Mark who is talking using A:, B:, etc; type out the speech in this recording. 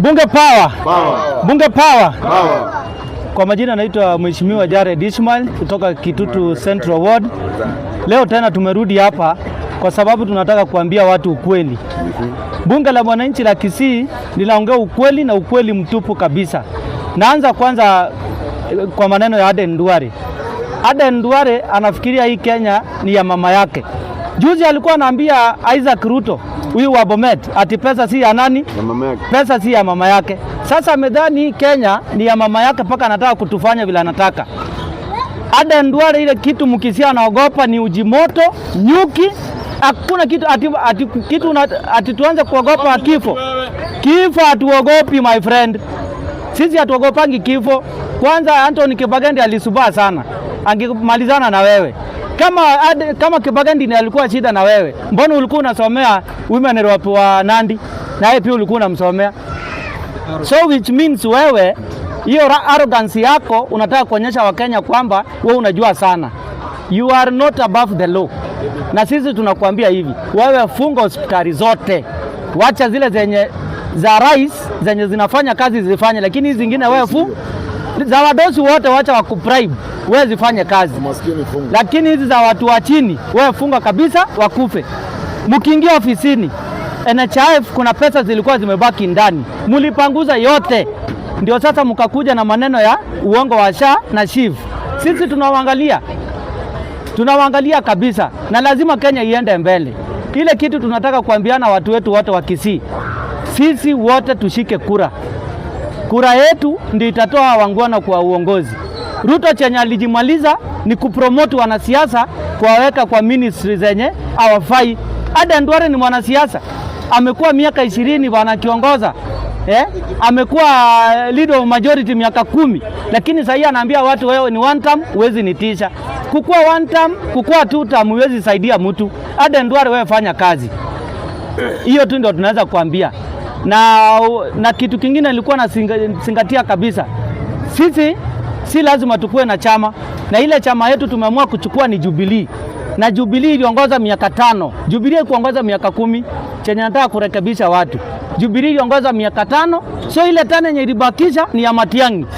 A: Bunge power.
B: Power.
A: Bunge power.
B: Power.
A: Kwa majina anaitwa Mheshimiwa Jared Ishmael kutoka Kitutu Central Ward. Leo tena tumerudi hapa kwa sababu tunataka kuambia watu ukweli. Bunge la mwananchi la Kisii linaongea ukweli na ukweli mtupu kabisa. Naanza kwanza eh, kwa maneno ya Aden duare Aden duare anafikiria hii Kenya ni ya mama yake. Juzi alikuwa anaambia Isaac Ruto huyu wa Bomet ati pesa si ya nani? Ya mama yake. Pesa si ya mama yake. Sasa amedhani Kenya ni ya mama yake mpaka anataka kutufanya vile anataka. Ada Duale, ile kitu mkisia anaogopa ni ujimoto, nyuki, hakuna kitu ati, ati, kitu ati tuanze kuogopa kifo. Kifo hatuogopi my friend. Sisi hatuogopangi kifo. Kwanza Anthony Kibagendi alisubaa sana, angemalizana na wewe. Kama, ad, kama Kibagandi alikuwa shida na wewe, mbona ulikuwa unasomea women rap wa Nandi na yeye pia ulikuwa unamsomea? So which means wewe hiyo arrogance yako unataka kuonyesha Wakenya kwamba wewe unajua sana. You are not above the law, na sisi tunakuambia hivi, wewe funga hospitali zote, wacha zile zenye za rais zenye zinafanya kazi zifanye, lakini hizi zingine wewe funga za wadosi wote, wacha wakuprime wewe zifanye kazi, lakini hizi za watu wa chini wewe funga kabisa, wakufe. Mkiingia ofisini NHIF, kuna pesa zilikuwa zimebaki ndani, mulipanguza yote, ndio sasa mkakuja na maneno ya uongo wa SHA na shiv. Sisi tunawaangalia tunawaangalia kabisa, na lazima Kenya iende mbele. Ile kitu tunataka kuambiana watu wetu wote wa Kisii, sisi wote tushike kura Kura yetu ndio itatoa wangwana kwa uongozi. Ruto chenye alijimaliza ni kupromote wanasiasa, kuwaweka kwa ministry zenye hawafai. Aden Duale ni mwanasiasa, amekuwa miaka ishirini bwana akiongoza eh? amekuwa eh, leader of majority miaka kumi, lakini sahii anaambia watu wewe ni one term, huwezi nitisha. kukua one term, kukua two term huwezi saidia mtu. Aden Duale, wewe fanya kazi hiyo tu ndio tunaweza kuambia na, na kitu kingine nilikuwa nazingatia kabisa, sisi si lazima tukuwe na chama, na ile chama yetu tumeamua kuchukua ni Jubilee, na Jubilee iliongoza miaka tano. Jubilee kuongoza miaka kumi, chenye nataka kurekebisha watu, Jubilee iliongoza miaka tano, so ile tano yenye ilibakisha ni ya Matiang'i.